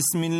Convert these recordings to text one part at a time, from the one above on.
بسم الله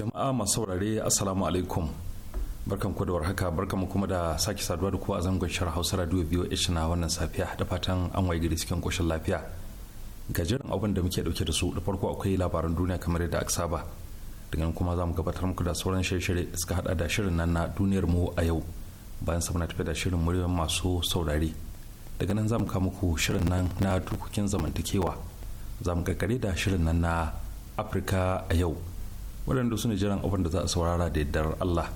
jama'a masu saurare assalamu alaikum barkan ku da warhaka barkan mu kuma da sake saduwa da ku a zangon shirin hausa radio biyo na wannan safiya da fatan an waye gari cikin koshin lafiya gajeren abin da muke dauke da su da farko akwai labaran duniya kamar yadda aka saba daga nan kuma za mu gabatar muku da sauran shirye-shirye da suka hada da shirin nan na duniyar mu a yau bayan sabon tafi da shirin muryoyin masu saurare daga nan za mu kawo muku shirin nan na dukokin zamantakewa za mu karkare da shirin nan na afirka a yau waɗanda su ne jiran abin da za a saurara da yardar Allah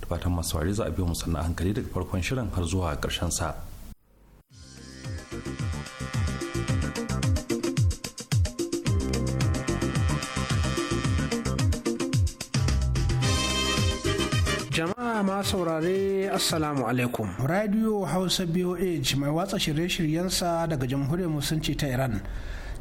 da fatan masu wari za a biyo musanna hankali daga farkon shirin har zuwa ƙarshen sa. Jama'a ma saurare Assalamu alaikum. Radio Hausa BOH mai watsa shirye-shiryensa daga Jamhuriyar Musulunci ta Iran.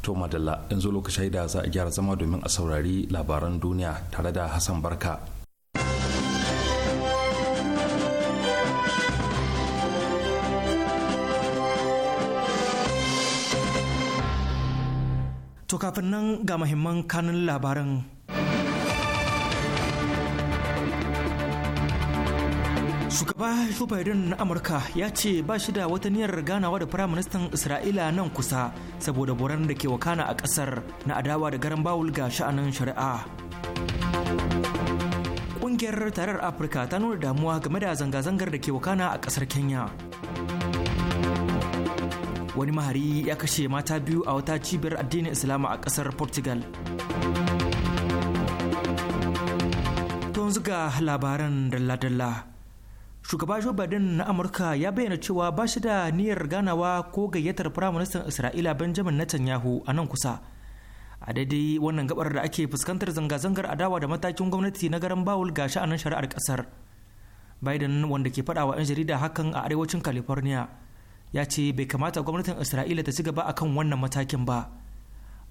To madalla yanzu lokacin da za a gyara zama domin a saurari labaran duniya tare da Hassan Barka. To kafin nan ga mahimman kanun labaran shugaba joe na amurka ya ce ba shi da wata niyyar ganawa da firaministan isra'ila nan kusa saboda boran da ke wakana a ƙasar na adawa da garan bawul ga sha'anin shari'a ƙungiyar tarar afirka ta nuna damuwa game da zanga-zangar da ke wakana a kasar kenya wani mahari ya kashe mata biyu a wata cibiyar addinin islama a ƙasar portugal tun zuga labaran dalla-dalla shugaba joe biden na amurka ya bayyana cewa ba shi da niyyar ganawa ko gayyatar firaministan isra'ila benjamin netanyahu a nan kusa a daidai wannan gabar da ake fuskantar zanga-zangar adawa da matakin gwamnati na garin bawul ga sha'anin shari'ar kasar biden wanda ke faɗawa 'yan jarida hakan a arewacin california ya ce bai kamata gwamnatin isra'ila ta ci gaba akan wannan matakin ba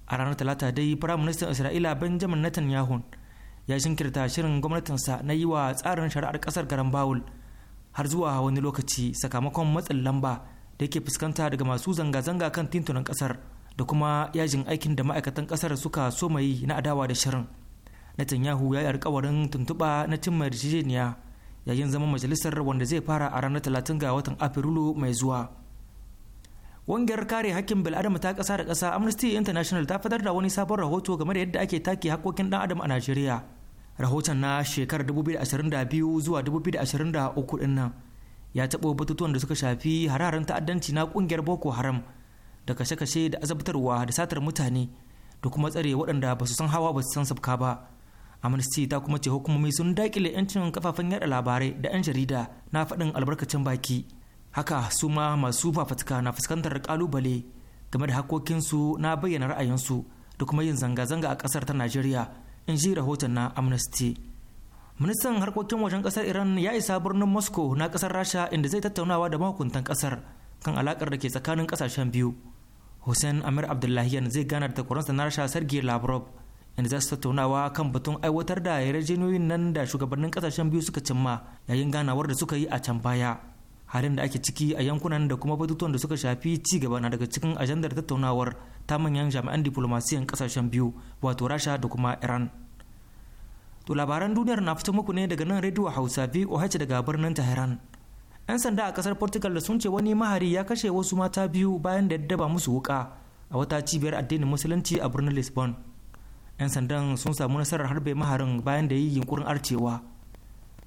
a ranar talata dai firaministan isra'ila benjamin netanyahu ya jinkirta shirin gwamnatinsa na yi wa tsarin shari'ar kasar garin bawul har zuwa wani lokaci sakamakon matsin lamba da yake fuskanta daga masu zanga-zanga kan tintunan kasar da kuma yajin aikin da ma'aikatan kasar suka so mai na adawa da shirin netanyahu ya yi alkawarin tuntuɓa na cimma yarjejeniya yayin zama majalisar wanda zai fara a ranar talatin ga watan afrilu mai zuwa ƙungiyar kare hakkin bil'adama ta ƙasa da ƙasa amnesty international ta fitar da wani sabon rahoto game da yadda ake take hakkokin ɗan adam a najeriya rahoton na shekarar 2022 zuwa 2023 din nan ya taɓo batutuwan da suka shafi hararen ta'addanci na ƙungiyar boko haram da kashe-kashe da azabtarwa da satar mutane da kuma tsare waɗanda ba su san hawa ba su san sabka ba amnesty ta kuma ce hukumomi sun dakile 'yancin kafafen yada labarai da 'yan jarida na faɗin albarkacin baki haka su ma masu fafatka na fuskantar kalubale game da hakokinsu na bayyana ra'ayinsu da kuma yin zanga-zanga a ƙasar ta najeriya in ji rahoton na amnesty ministan harkokin wajen kasar iran ya isa birnin moscow na kasar rasha inda zai tattaunawa da mahukuntan kasar kan alakar da ke tsakanin kasashen biyu hussein amir abdullahi yan zai gana da takwaransa na rasha sergei lavrov inda za su tattaunawa kan batun aiwatar da yarjejeniyoyin nan da shugabannin kasashen biyu suka cimma yayin ganawar da suka yi a can baya halin da ake ciki a yankunan da kuma batutuwan da suka shafi ci gaba na daga cikin ajandar tattaunawar ta manyan jami'an diplomasiyan kasashen biyu wato rasha da kuma iran to labaran duniyar na fito muku ne daga nan rediyo hausa voh daga birnin tehran 'yan sanda a kasar portugal da sun ce wani mahari ya kashe wasu mata biyu bayan da ya daba musu wuka a wata cibiyar addinin musulunci a birnin lisbon 'yan sandan sun samu nasarar harbe maharin bayan da yi yunkurin arcewa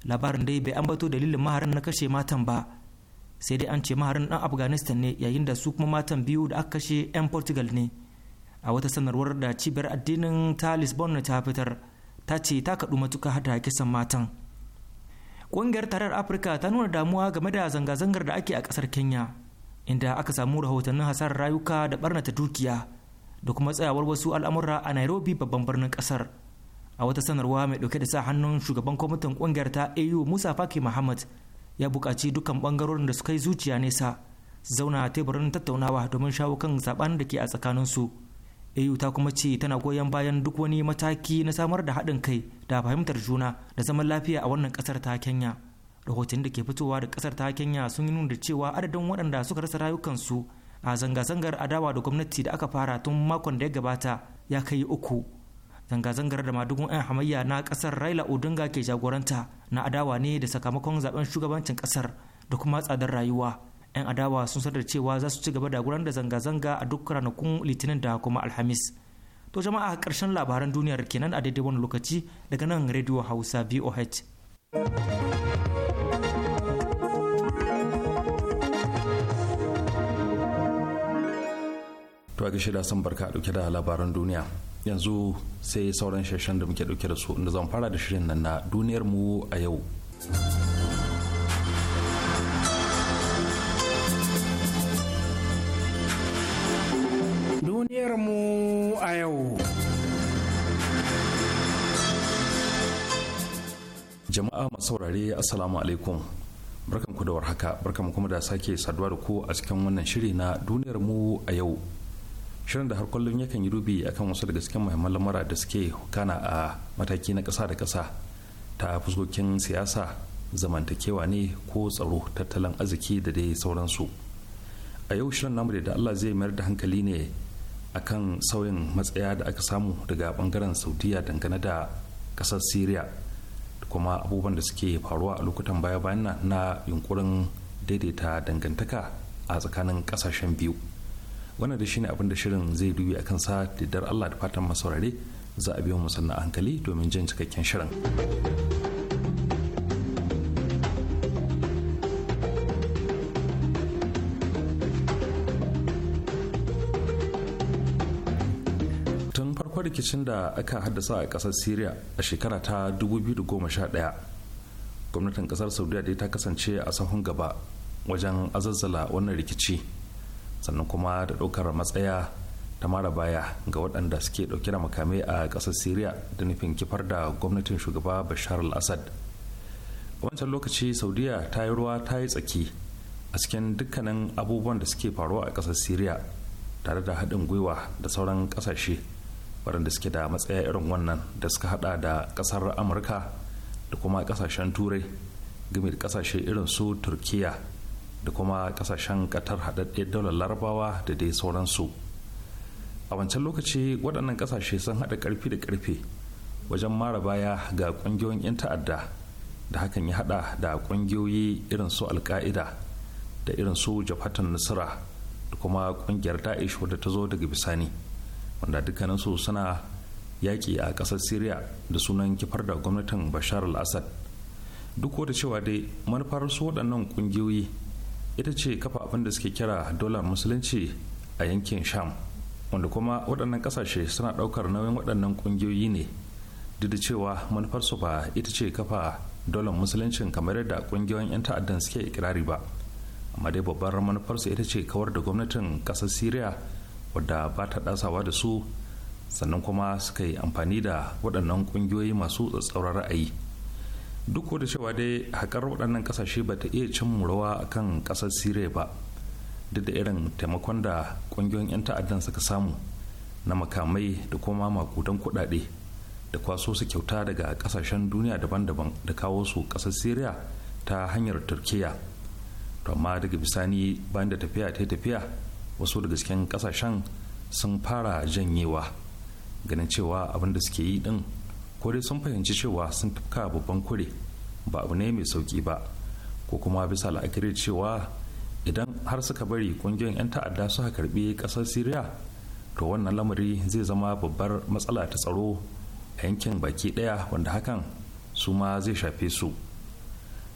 labarin dai bai ambato dalilin maharin na kashe matan ba sai dai an ce maharin dan afghanistan ne yayin da su kuma matan biyu da aka kashe 'yan portugal ne a wata sanarwar da cibiyar addinin ta lisbon ta fitar ta ce ta kaɗu matuka hada kisan matan ƙungiyar tarar afirka ta nuna damuwa game da zanga-zangar da ake a ƙasar kenya inda aka samu rahotannin hasarar rayuka da barnata dukiya da kuma tsayawar wasu al'amura a nairobi babban birnin ƙasar a wata sanarwa mai ɗauke da sa hannun shugaban kwamitin ƙungiyar ta au musa faki muhammad ya buƙaci dukkan ɓangarorin da suka yi zuciya nesa zauna a teburin tattaunawa domin shawo kan zaɓen da ke a tsakaninsu eu ta kuma ce tana goyon bayan duk wani mataki na samar da haɗin kai da fahimtar juna da zaman lafiya a wannan ƙasar ta kenya rahoton da ke fitowa da ƙasar ta kenya sun yi nuna da cewa adadin waɗanda suka rasa rayukansu a zanga-zangar adawa da gwamnati da aka fara tun makon da ya gabata ya kai uku zanga-zangar da madugun 'yan hamayya na kasar raila odinga ke jagoranta na adawa ne da sakamakon zaben shugabancin kasar da kuma tsadar rayuwa 'yan adawa sun sanar cewa za su ci gaba da gudanar da zanga-zanga a duk ranakun litinin da kuma alhamis to jama'a a karshen labaran duniyar kenan a daidai wani lokaci daga nan radio hausa voh to a gashi da san barka a dauke da labaran duniya yanzu sai sauran shashen da muke dauke da su inda zan fara da shirin nan na duniyar a yau duniyar mu a yau jama'a masu saurare assalamu alaikum barkanku da warhaka barkanku kuma da sake saduwa da ku a cikin wannan shiri na duniyar mu a yau shirin da har kullum yakan yi rubi akan wasu daga cikin muhimman lamura da suke kana a mataki na ƙasa da ƙasa ta fuskokin siyasa zamantakewa ne ko tsaro tattalin arziki da dai sauransu a yau shirin namu da allah zai mayar da hankali ne akan sauyin matsaya da aka samu daga bangaren saudiya dangane da ƙasar syria da kuma abubuwan da suke faruwa a lokutan baya-bayan na yunkurin daidaita dangantaka a tsakanin ƙasashen biyu wannan da shine abin da shirin zai dubi akan sa da Allah da fatan masaurare za a biyo musanna a hankali domin jin cikakken shirin tun farko rikicin da aka haddasa a ƙasar syria a shekara ta 2011 gwamnatin ƙasar saudiya dai ta kasance a sahun gaba wajen azazzala wannan rikici sannan kuma da ɗaukar matsaya ta mara baya ga waɗanda suke ɗauke da makamai a ƙasar syria da nufin kifar da gwamnatin shugaba bashar al-assad a wancan lokaci saudiya ta yi ruwa ta yi tsaki a cikin dukkanin abubuwan da suke faruwa a ƙasar syria tare da haɗin gwiwa da sauran ƙasashe waɗanda suke da matsaya irin wannan da suka haɗa da ƙasar amurka da kuma ƙasashen turai game da ƙasashe irin su turkiya da kuma kasashen katar haɗaɗɗiyar daular larabawa da dai sauransu a wancan lokaci waɗannan kasashe sun haɗa ƙarfi da ƙarfe wajen mara baya ga ƙungiyoyin 'yan ta'adda da hakan ya haɗa da ƙungiyoyi irin su alka'ida da irin su jafatan nasira da kuma ƙungiyar da'ish wadda ta zo daga bisani wanda dukkaninsu suna yaƙi a ƙasar syria da sunan kifar da gwamnatin bashar al-assad duk da cewa dai manufar su waɗannan ƙungiyoyi ita ce kafa abin da suke kira dolar musulunci a yankin sham wanda kuma waɗannan ƙasashe suna ɗaukar nauyin waɗannan ƙungiyoyi ne duk da cewa manufarsu ba ita ce kafa dolar musuluncin kamar yadda ƙungiyoyin 'yan ta'addan suke ikirari ba amma dai babbar manufarsu ita ce kawar da gwamnatin ƙasar syria wadda ba ta ɗasawa da su sannan kuma suka yi amfani da waɗannan ƙungiyoyi masu tsatsauran ra'ayi duk da cewa dai haƙar waɗannan ƙasashe ba ta iya cin murawa a kan ƙasar siriya ba duk da irin taimakon da ƙungiyoyin 'yan ta'addan suka samu na makamai da kuma makudan kuɗaɗe da kwaso su kyauta daga ƙasashen duniya daban-daban da kawo su ƙasar siriya ta hanyar turkiya to amma daga bisani bayan da tafiya ta tafiya wasu daga cikin ƙasashen sun fara janyewa ganin cewa abinda suke yi din ko sun fahimci cewa sun tafka babban kure ba abu ne mai sauki ba ko kuma bisa la'akari cewa idan har suka bari ƙungiyoyin 'yan ta'adda suka karbi kasar syria to wannan lamari zai zama babbar matsala ta tsaro a yankin baki daya wanda hakan su ma zai shafe su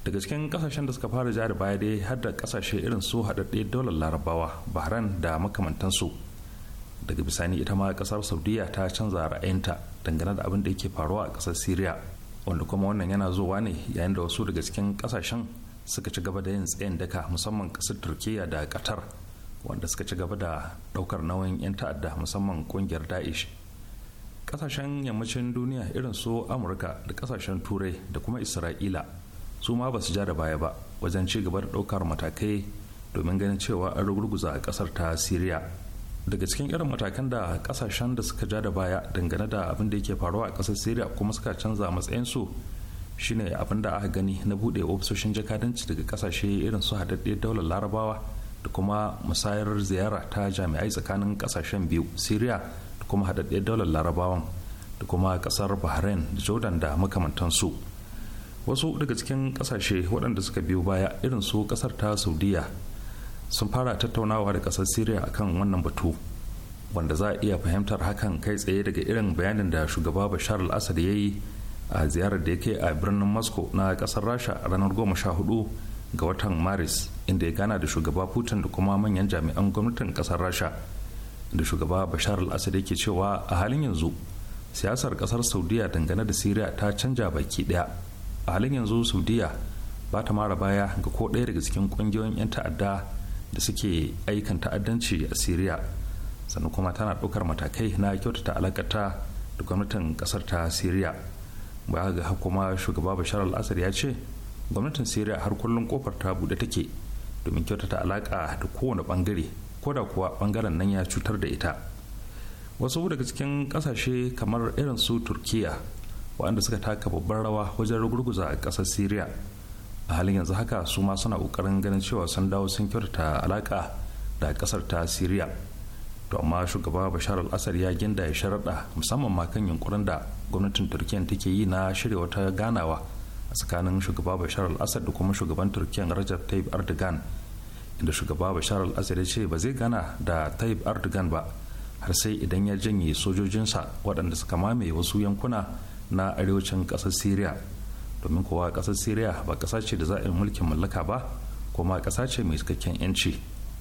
daga cikin kasashen da suka fara jari baya dai har da kasashe irin su haɗaɗɗe daular larabawa bahran da makamantansu daga bisani ita ma kasar saudiya ta canza ra'ayinta dangane da abin da yake faruwa a kasar syria wanda kuma wannan yana zuwa ne yayin da wasu daga cikin kasashen suka ci gaba da yin tsayin daka musamman kasar turkiya da qatar wanda suka ci gaba da daukar nauyin 'yan ta'adda musamman kungiyar da'ish kasashen yammacin duniya irin su amurka da kasashen turai da kuma isra'ila su ma ba su ja da baya ba wajen ci gaba da daukar matakai domin ganin cewa an rugurguza kasar ta syria daga cikin irin matakan da kasashen da suka ja da baya dangane da abin da yake faruwa a kasar syria kuma suka canza matsayinsu shine abin da aka gani na buɗe ofisoshin jakadanci daga kasashe irin su haɗaɗɗe daular larabawa da kuma musayar ziyara ta jami'ai tsakanin kasashen biyu syria da kuma haɗaɗɗe daular larabawan da kuma kasar bahrain da jordan da makamantansu wasu daga cikin kasashe waɗanda suka biyo baya irin su kasar ta saudiya sun fara tattaunawa da ƙasar syria akan wannan batu wanda za a iya fahimtar hakan kai tsaye daga irin bayanin da shugaba bashar al-assad ya yi a ziyarar da yake a birnin moscow na kasar rasha ranar goma sha hudu ga watan maris inda ya gana da shugaba putin da kuma manyan jami'an gwamnatin kasar rasha da shugaba bashar al-assad yake cewa a halin yanzu siyasar kasar saudiya dangane da syria ta canja baki daya a halin yanzu saudiya ba ta mara baya ga ko daya daga cikin ƙungiyoyin 'yan ta'adda da suke aikan ta'addanci a syria sannan kuma tana ɗaukar matakai na kyautata alakata da gwamnatin ƙasar ta syria ba ga kuma shugaba bashar al ya ce gwamnatin syria har kullum kofar ta buɗe take domin kyautata alaƙa da kowane bangare ko da kuwa bangaren nan ya cutar da ita wasu daga cikin ƙasashe kamar irin su turkiya waɗanda suka taka babban rawa wajen a ƙasar syria a halin yanzu haka su ma suna kokarin ganin cewa sun dawo sun kyautata alaka da kasar ta siriya to amma shugaba bashar al-assad ya ginda ya sharaɗa musamman ma kan yunkurin da gwamnatin turkiyan take yi na shirya wata ganawa a tsakanin shugaba bashar al-assad da kuma shugaban turkiyan rajab tayyip erdogan inda shugaba bashar al-assad ya ce ba zai gana da tayyip erdogan ba har sai idan ya janye sojojinsa waɗanda suka mamaye wasu yankuna na arewacin ƙasar siriya. domin kowa ƙasar syria ba ƙasa ce da za a yi mulkin mallaka ba kuma ƙasa ce mai cikakken yanci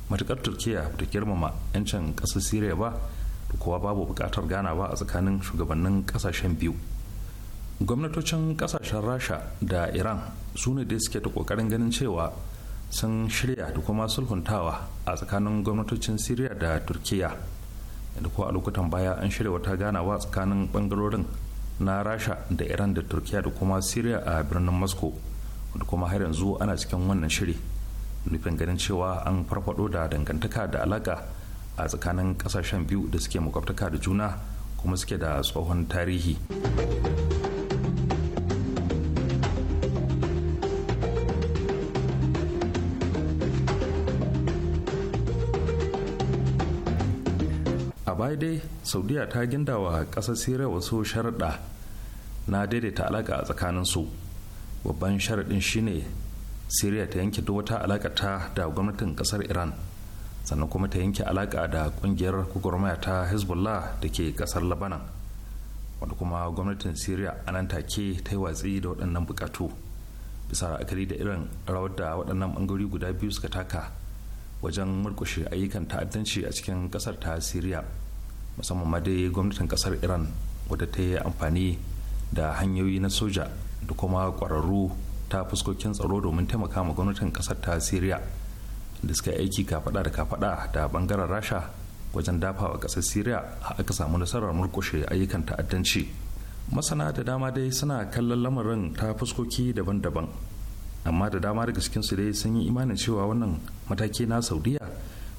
matuƙar turkiya ta girmama yancin ƙasar syria ba da kowa babu buƙatar bukatar ba a tsakanin shugabannin ƙasashen biyu gwamnatocin ƙasashen rasha da iran su ne dai suke ta kokarin ganin cewa sun shirya da kuma sulhuntawa a tsakanin gwamnatocin syria da turkiya inda ko a lokutan baya an shirya wata ganawa tsakanin bangarorin na rasha da iran da turkiya da kuma syria a birnin moscow wanda kuma har yanzu ana cikin wannan shiri nufin ganin cewa an farfado da dangantaka da alaka a tsakanin kasashen biyu da suke makwabtaka da juna kuma suke da tsohon tarihi dai saudiya ta wa ƙasar siriya wasu sharaɗa na daidaita alaƙa a tsakanin su babban sharaɗin shine siriya ta yanke duk wata alaƙa ta da gwamnatin ƙasar iran sannan kuma ta yanke alaƙa da ƙungiyar gwagwarmaya ta hezbollah da ke ƙasar labanan wanda kuma gwamnatin siriya a nan take ta yi watsi da waɗannan buƙatu bisa la'akari da irin rawar da waɗannan ɓangare guda biyu suka taka wajen murƙushe ayyukan ta'addanci a cikin ƙasar ta siriya musamman ma dai gwamnatin kasar iran wadda ta yi amfani da hanyoyi na soja da kuma kwararru ta fuskokin tsaro domin taimaka ma gwamnatin kasar ta syria da suka aiki kafaɗa da kafaɗa da bangaren rasha wajen dafawa wa siriya syria aka samu nasarar murkushe ayyukan ta'addanci masana da dama dai suna kallon lamarin ta fuskoki daban-daban amma da dama daga cikinsu dai sun yi imanin cewa wannan mataki na saudiya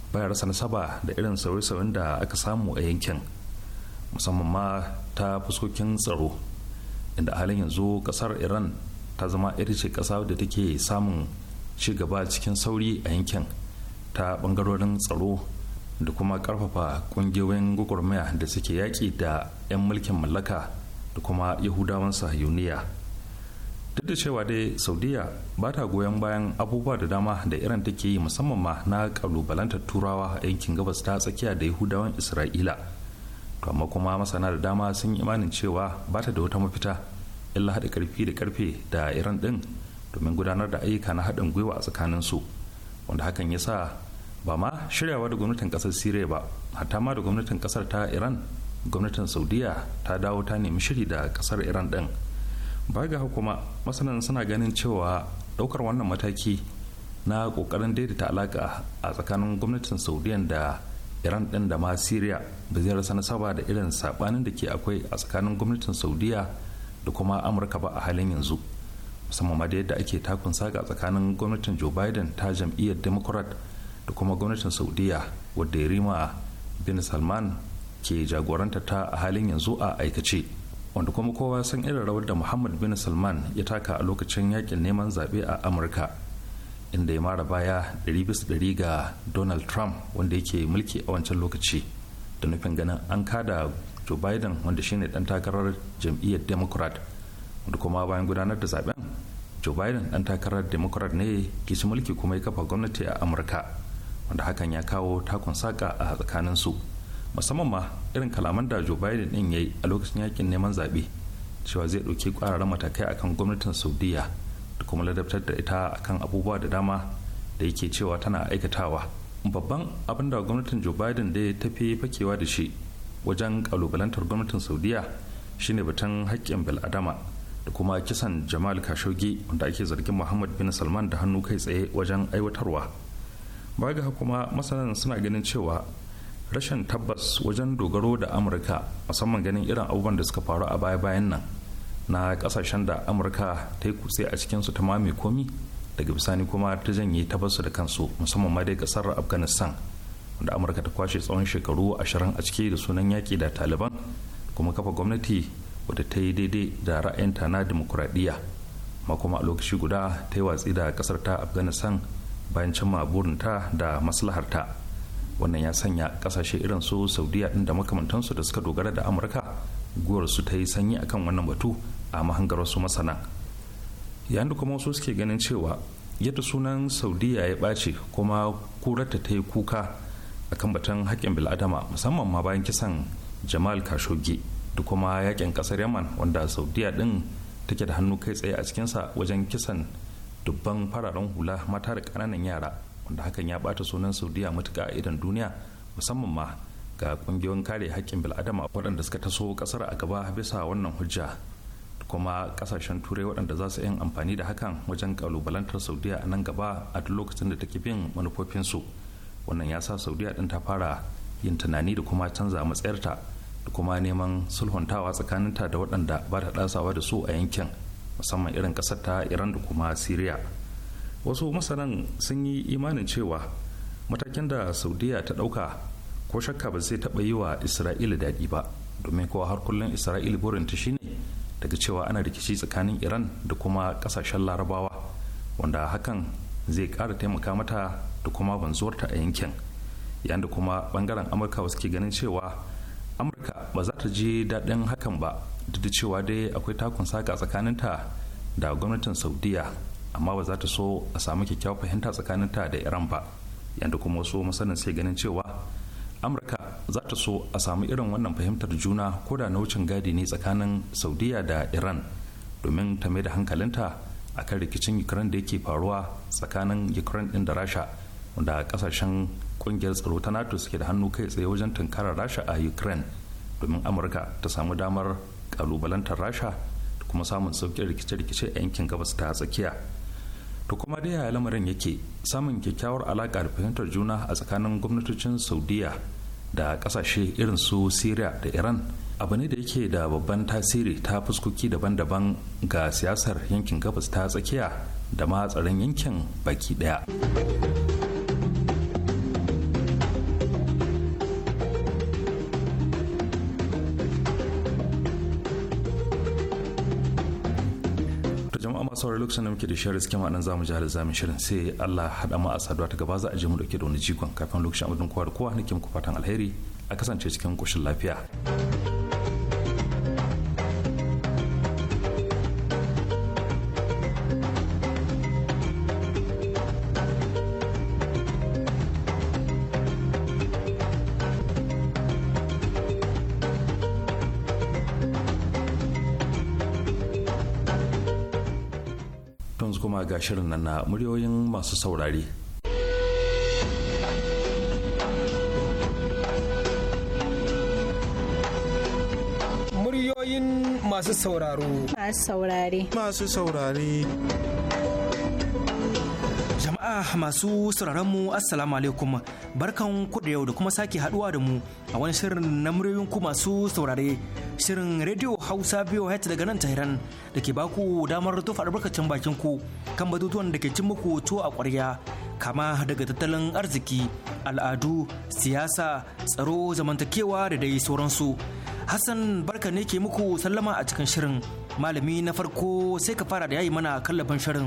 bayar rasa nasaba da irin sauye-sauyen da aka samu a yankin musamman ma ta fuskokin tsaro inda halin yanzu kasar iran ta zama ita ce kasa da take samun ci gaba cikin sauri a yankin ta bangarorin tsaro da kuma karfafa kungiyoyin gwagwarmaya da suke yaƙi da 'yan mulkin mallaka da kuma yahudawan sahiyuniya duk da cewa dai saudiya ba ta goyon bayan abubuwa da dama da iran take yi musamman ma na kalubalantar turawa a yankin gabas ta tsakiya da yahudawan isra'ila to amma kuma masana da dama sun yi imanin cewa ba ta da wata mafita illa haɗa karfi da karfe da iran ɗin domin gudanar da ayyuka na haɗin gwiwa a tsakanin su wanda hakan ya sa ba ma shiryawa da gwamnatin ƙasar siriya ba hatta ma da gwamnatin ƙasar ta iran gwamnatin saudiya ta dawo ta nemi shiri da ƙasar iran ɗin ba baga kuma masanan suna ganin cewa daukar wannan mataki na kokarin daidaita alaka a tsakanin gwamnatin saudiyan da iran din da ma syria ba zai rasa nasaba da irin sabanin da ke akwai a tsakanin gwamnatin saudiya da kuma amurka ba a halin yanzu musamman ma da yadda ake takun saga tsakanin gwamnatin joe biden ta jam'iyyar democrat da kuma gwamnatin saudiya wadda rima bin salman ke jagoranta ta a halin yanzu a aikace wanda kuma kowa san irin rawar da muhammad bin salman ya taka a lokacin yakin neman zaɓe a amurka inda ya mara baya 100 ga donald trump wanda yake mulki a wancan lokaci da nufin ganin an kada joe biden wanda shine dan takarar jam'iyyar democrat wanda kuma bayan gudanar da zaben joe biden dan takarar democrat ne ke ci mulki kuma ya kafa gwamnati a amurka wanda hakan ya kawo takun saka a tsakaninsu musamman ma irin kalaman da joe biden din ya yi a lokacin yakin neman zaɓe cewa zai ɗauki ƙwararren matakai akan gwamnatin saudiyya da kuma ladabtar da ita akan abubuwa da dama da yake cewa tana aikatawa babban abin da gwamnatin joe biden da ya tafi fakewa da shi wajen kalubalantar gwamnatin saudiya shine batun haƙƙin bil'adama da kuma kisan jamal khashoggi wanda ake zargin muhammad bin salman da hannu kai tsaye wajen aiwatarwa ba ga kuma masanan suna ganin cewa rashin tabbas wajen dogaro da amurka musamman ganin irin abubuwan da suka faru a baya-bayan nan na kasashen da amurka ta yi kutse a cikinsu ta mame komi daga bisani kuma ta janye tabbasu da kansu musamman ma dai kasar afghanistan wanda amurka ta kwashe tsawon shekaru ashirin a cike da sunan yaƙi da taliban kuma kafa gwamnati wadda ta yi daidai da ra'ayinta na dimokuraɗiyya ma kuma a lokaci guda ta yi watsi da kasar ta afghanistan bayan cimma burinta da maslaharta wannan ya sanya kasashe irin su saudiya din da makamantansu da suka dogara da amurka guwar su ta yi sanyi akan wannan batu a mahangar wasu masana yayin da kuma wasu suke ganin cewa yadda sunan saudiya ya ɓace kuma kurarta ta yi kuka akan batun haƙƙin bil'adama musamman ma bayan kisan jamal kashoge da kuma yakin ƙasar yaman wanda saudiya ɗin take da hannu kai tsaye a cikinsa wajen kisan dubban fararen hula mata da ƙananan yara wanda hakan ya bata sunan saudiya matuka a idan duniya musamman ma ga kungiyoyin kare haƙƙin bil'adama waɗanda suka taso ƙasar a gaba bisa wannan hujja kuma ƙasashen turai waɗanda za su yin amfani da hakan wajen kalubalantar saudiya a nan gaba a duk lokacin da ta ke bin manufofinsu wannan ya sa saudiya ɗin ta fara yin tunani da kuma canza matsayarta da kuma neman sulhuntawa tsakaninta da waɗanda ba ta ɗasawa da su a yankin musamman irin ƙasar ta iran da kuma siriya wasu masanan sun yi imanin cewa matakin da saudiya ta ɗauka ko shakka ba zai taɓa yi wa isra'ila daɗi ba domin kowa har kullum isra'ila burinta shine daga cewa ana rikici tsakanin iran da kuma kasashen larabawa wanda hakan zai ƙara taimaka mata da kuma banzuwarta a yankin yayin da kuma bangaren amurka wasu ke ganin cewa amurka ba za ta ji daɗin hakan ba duk da cewa dai akwai takun saka tsakaninta da gwamnatin saudiya amma ba za ta so a samu kyakkyawar fahimta tsakanin ta da iran ba yadda kuma wasu masanin sai ganin cewa amurka za ta so a samu irin wannan fahimtar juna ko da na wucin gadi ne tsakanin saudiya da iran domin ta mai da hankalinta a kan rikicin ukraine da yake faruwa tsakanin ukraine din da rasha wanda kasashen kungiyar tsaro ta nato suke da hannu kai tsaye wajen tunkarar rasha a ukraine domin amurka ta samu damar kalubalantar rasha da kuma samun sauƙin rikice-rikice a yankin gabas ta tsakiya to kuma dai yaya lamarin yake samun kyakkyawar alaƙa da fahimtar juna a tsakanin gwamnatocin saudiya da ƙasashe irin su syria da iran abu ne da yake da babban tasiri ta fuskoki daban-daban ga siyasar yankin gabas ta tsakiya da ma tsaron yankin baki ɗaya. duk da muke da shirin rikin waɗannan zamu ji halin zamin shirin sai Allah haɗa mu a saduwa ta gaba za a je mu dauke da wani jikon kafin lokacin abin kowa da kowa nake muku fatan alheri a kasance cikin koshin lafiya. shirin nan na muryoyin masu saurari. muryoyin masu sauraro masu saurare masu saurare jama'a masu sauraron mu assalamu alaikum barkan ku da yau da kuma sake haduwa da mu a wani shirin na muryoyin ku masu saurare shirin Radio Hausa VOH daga nan Tehran da ke baku damar tofa albarkacin bakin ku kan batutuwan da ke cin muku tuwo a ƙwarya kama daga tattalin arziki, al'adu, siyasa, tsaro, zamantakewa da dai sauransu. Hassan barka ne ke muku sallama a cikin shirin. malami na farko sai ka fara da yayi mana kallafin shirin.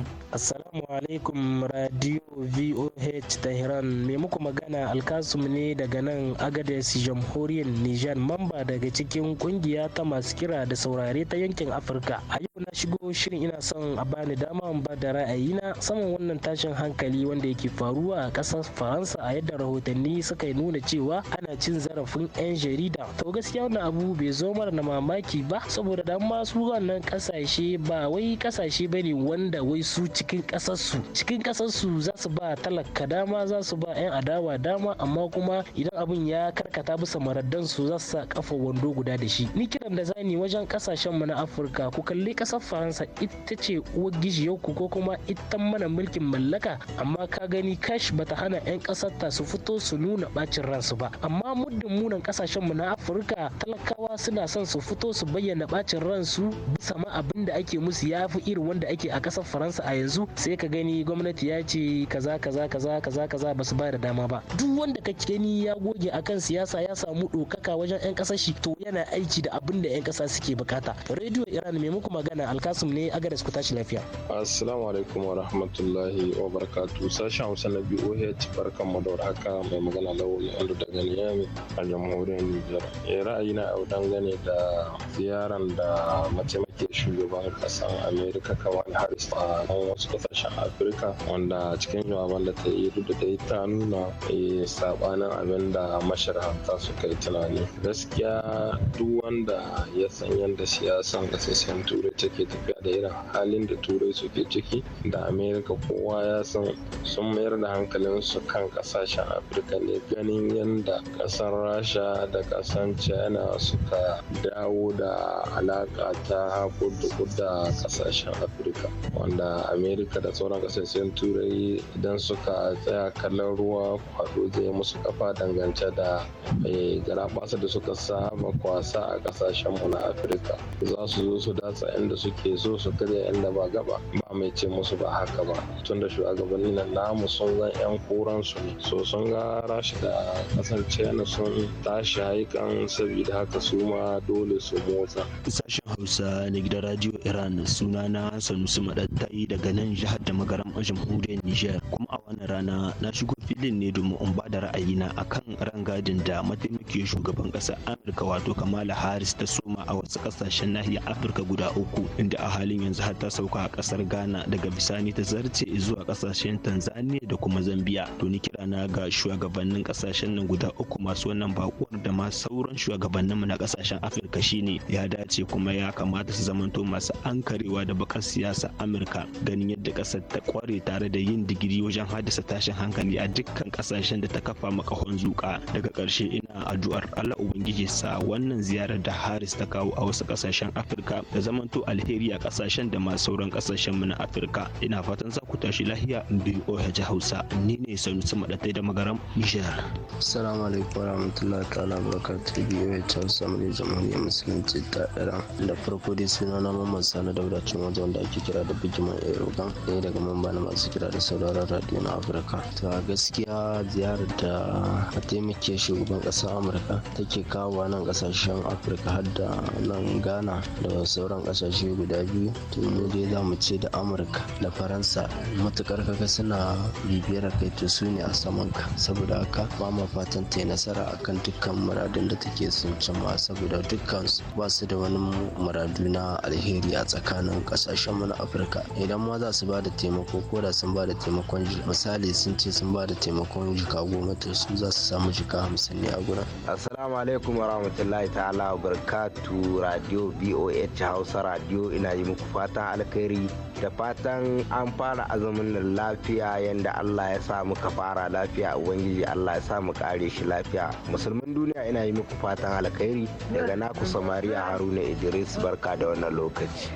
Assalamu alaikum Radio VOH Tehran mai muku magana Alkasum ne daga nan Agadez Jamhuriyar Nijar mamba daga cikin kungiya ta masu kira da saurare ta yankin Afirka. A yau na shigo shirin ina son a bani dama in ba da ra'ayina saman wannan tashin hankali wanda yake faruwa a ƙasar Faransa a yadda rahotanni suka nuna cewa ana cin zarafin 'yan jarida. To gaskiya wannan abu bai zo mara na mamaki ba saboda dan masu wannan ƙasashe ba wai ƙasashe bane wanda wai su cikin ƙasa kasarsu cikin kasarsu za su ba talaka dama za su ba 'yan adawa dama amma kuma idan abin ya karkata bisa maraddan su za su sa kafa wando guda da shi ni kiran da zani wajen kasashen mu na afirka ku kalli kasar faransa ita ce uwar gijiyar ku ko kuma ita mana mulkin mallaka amma ka gani kash bata hana 'yan kasar ta su fito su nuna bacin ransu ba amma muddin munan kasashen mu na afirka talakawa suna son su fito su bayyana bacin ransu bisa ma abin da ake musu ya fi irin wanda ake a kasar faransa a yanzu sai sai ka gani gwamnati ya ce kaza kaza kaza kaza kaza ba su ba da dama ba duk wanda ka gani ya goge akan siyasa ya samu dokaka wajen 'yan kasa shi to yana aiki da abin da 'yan kasa suke bukata rediyo iran mai muku magana alkasum ne a ku tashi lafiya assalamu alaikum wa rahmatullahi wa barakatu sashen hausa na boh barkan mu da haka mai magana lawal andu daga niyami a jamhuriyar nijar eh, ra'ayina a dangane da ziyaran da mace mace shugaban ƙasar america kawai harris a wasu ƙasashe kasashen afirka wanda cikin jawaban da ta yi duk da ta yi ta nuna eh, sabanin abin da masharhanta suka yi tunani gaskiya duk wanda ya san yadda siyasan kasashen turai take tafiya da irin halin da turai suke ciki da amerika kowa ya san sun mayar da hankalinsu kan ƙasashen afirka ne ganin yadda ƙasar rasha da ƙasar china suka dawo da alaƙa ta kudu da kasashen afirka wanda amerika da sauran kasashen turai idan suka tsaya kallon ruwa kwado zai musu kafa dangance da eh, garabasa da suka saba kwasa a kasashen mu na afirka za su zo su datsa inda suke so su karya inda ba gaba ba mai ce musu ba haka ba tun da shugabanni na namu sun zan yan koran su ne so sun ga rashi da kasar china sun tashi haikan saboda haka su ma dole su motsa sashen hausa na gidan radio iran sunana sanusi madattai daga nan jihar jihar da magaram a jamhuriyar Nijar. kuma a wannan rana na shigo filin ne domin in ba da ra'ayina a kan rangadin da mataimakin shugaban ƙasar amurka wato kamala harris ta soma a wasu ƙasashen nahiyar afirka guda uku inda a halin yanzu har ta sauka a ƙasar ghana daga bisani ta zarce zuwa ƙasashen tanzania da kuma zambia to ni kira na ga shugabannin ƙasashen nan guda uku masu wannan bakuwar da ma sauran mu na ƙasashen afirka shine ya dace kuma ya kamata su zamanto masu ankarewa da bakar siyasa amurka ganin yadda ƙasar ta kware tare da yin digiri wajen haddasa tashin hankali a dukkan kasashen da ta kafa makahon zuka daga karshe ina addu'ar Allah ubangiji sa wannan ziyarar da Haris ta kawo a wasu kasashen Afirka da zamanto alheri a kasashen da ma sauran kasashen mu na Afirka ina fatan za ku tashi lahiya BOH Hausa ni ne sanu Madatai da Magaram Nijar Assalamu alaikum rahmatullahi ta'ala barakatuh BOH Hausa zaman ya musulunci ta dara da farko dai suna na Mamman Sani daura Cin wajen da ake kira da bijiman Erogan ɗaya daga mamba na masu kira da sauraron radio na afirka ta gaskiya ziyarar da taimake shugaban ƙasar amurka take kawo nan ƙasashen afirka har da nan ghana da sauran kasashe guda biyu to mu dai za mu ce da amurka da faransa matukar kaga suna bibiyar kai to su ne a saman ka saboda haka ba ma fatan ta yi nasara akan dukkan muradun da take sun cimma saboda dukkan ba su da wani muradu na alheri a tsakanin ƙasashen mu na afirka idan ma za su ba da taimako ko da sun ba da taimakon taimakon misali sun ce sun ba da taimakon jika goma to su za su samu jika hamsin ne a gurin assalamu alaikum rahmatullahi ta'ala barkatu radio boh hausa radio ina yi muku fatan alkhairi da fatan an fara azumin nan lafiya yanda allah ya sa muka fara lafiya ubangiji allah ya sa mu kare shi lafiya musulmin duniya ina yi muku fatan alkhairi daga naku samariya haruna idris barka da wannan lokaci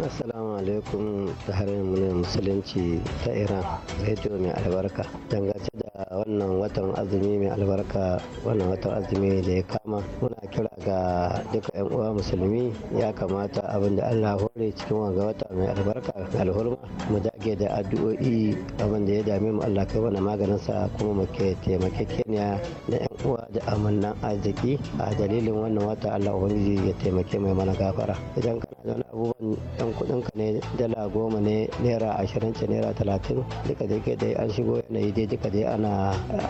assalamu alaikum da harin musulunci ta iran rediyo mai albarka dangace wannan watan azumi mai albarka wannan watan azumi da ya kama muna kira ga duka yan uwa musulmi ya kamata abin da Allah hore cikin wanga wata mai albarka alhurma mu dage da addu'o'i abin da ya dame mu Allah kai wannan maganin sa kuma mu ke taimakekeniya da yan uwa da amannan arziki a dalilin wannan wata Allah ubangiji ya taimake mai mana gafara idan kana da wani abubuwan dan kudin ka ne dala goma ne naira ashirin ce naira talatin duka da yake da an shigo yanayi dai duka da ana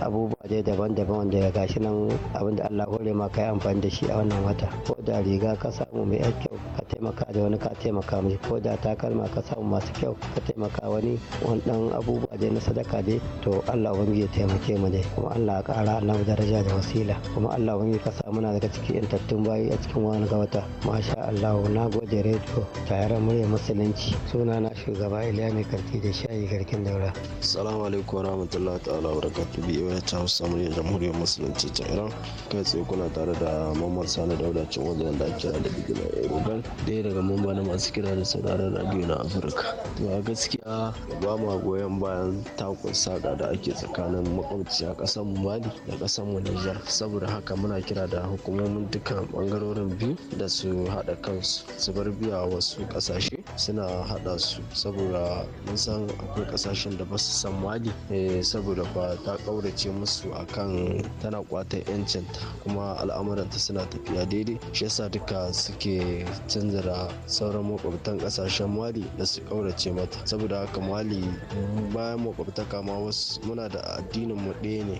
abubuwa dai daban-daban wanda ya gashi nan abin da Allah hore ma kai amfani da shi a wannan wata ko da riga ka samu mai kyau ka taimaka da wani ka taimaka mai ko da takalma ka samu masu kyau ka taimaka wani wani dan abubuwa dai na sadaka dai to Allah wani ya taimake mu dai kuma Allah ya kara mu daraja da wasila kuma Allah wani ka samu na daga cikin yantattun bayi a cikin wani gawata wata masha Allah na gode rediyo tare murya musulunci sunana shugaba Iliya Karti da shayi garkin daura assalamu alaikum warahmatullahi ta'ala barakatu biyu ta hausa murya jamhuriyar musulunci ta iran kai tsaye kuna tare da mamman sani da wadacin wajen da kira da bigila erogan ɗaya daga mamba na masu kira da sauraron radio na afirka to a gaskiya ba ma goyon bayan takun saƙa da ake tsakanin makwabci a ƙasar mu mali da ƙasar mu nijar saboda haka muna kira da hukumomin dukkan bangarorin biyu da su haɗa kansu su bar biya wasu ƙasashe suna haɗa su saboda mun san akwai ƙasashen da ba su san mali eh, saboda ba ta kaurace musu akan tana kwatan yancinta kuma al'amuranta suna tafiya daidai shi yasa duka suke canzara sauran makwabtan kasashen mali da su kaurace mata saboda haka mali bayan makwabtaka ma wasu muna da addinin mu ɗaya ne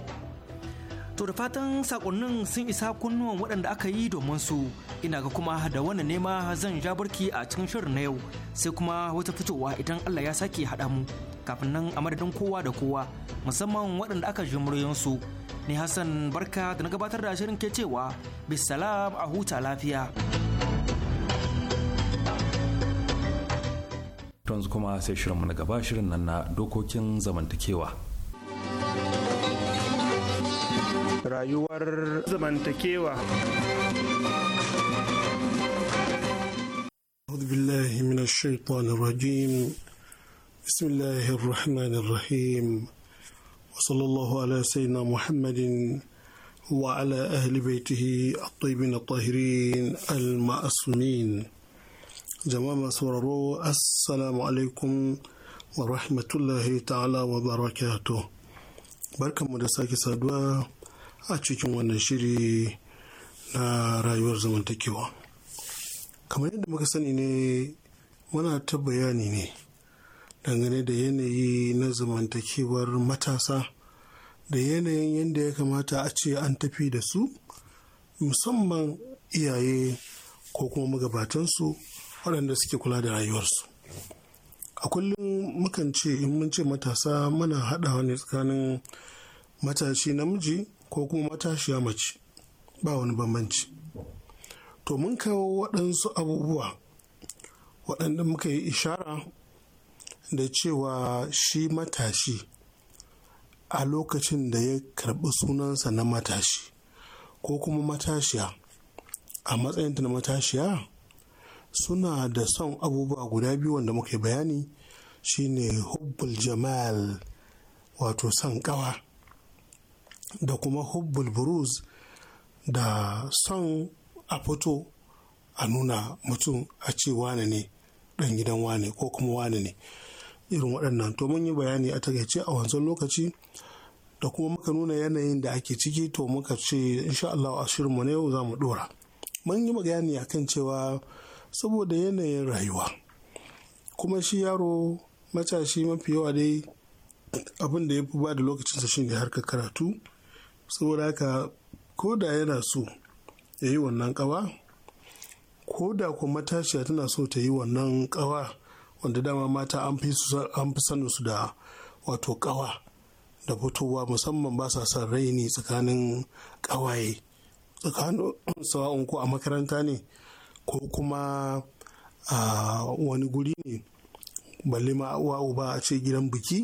to da fatan sakonnin sun isa kunnuwan waɗanda aka yi domin su ina ga kuma da wannan nema zan ja barki a cikin shirin na yau sai kuma wata fitowa idan Allah ya sake haɗa mu kafin nan a madadin kowa da kowa musamman waɗanda aka ji muryoyinsu ni Hassan barka da na gabatar da shirin ke cewa bisalam a huta lafiya. yanzu kuma sai shirinmu na gaba shirin nan na dokokin zamantakewa. Rayuwar zamantakewa. أعوذ بالله من الشيطان الرجيم بسم الله الرحمن الرحيم وصلى الله على سيدنا محمد وعلى أهل بيته الطيبين الطاهرين المعصومين جماعة مسوررو السلام عليكم ورحمة الله تعالى وبركاته بركة مدساك سادوا أتشكم ونشري na rayuwar zamantakewa kamar yadda muka sani ne muna ta bayani ne dangane da yanayi na zamantakewar matasa da yanayin yadda ya kamata a ce an tafi da su musamman iyaye ko kuma magabatansu waɗanda suke kula da rayuwarsu a kullum mukan ce in mun ce matasa muna haɗawa ne tsakanin matashi namiji ko kuma matashiya mace ba wani bambanci to mun kawo waɗansu abubuwa waɗanda muka yi ishara da cewa shi matashi a lokacin da ya karɓi sunansa na matashi ko kuma matashiya a matsayinta na matashiya suna da son abubuwa guda biyu wanda muka yi bayani shine hubbul jamal wato son kawa da kuma hubbul bruce da son a fito a nuna mutum a ce wane ne ɗan gidan wane ko kuma wane ne irin waɗannan to mun yi bayani a takaice a wancan lokaci da kuma muka nuna yanayin da ake ciki to muka ce insha Allah a mu na yau za mu ɗora mun yi bayani akan cewa saboda yanayin rayuwa kuma shi yaro matashi mafi yawa dai abin da ya fi ba da lokacinsa shine harkar karatu saboda haka ko da yana so ya yi wannan kawa ko da kuma matashiya tana so ta yi wannan kawa wanda dama mata an fi sanin su da wato kawa da fitowa musamman ba sa son raini tsakanin kawaye tsakanin sawa'un ko a makaranta ne ko kuma a wani guri ne balle ma uwa uba a ce gidan biki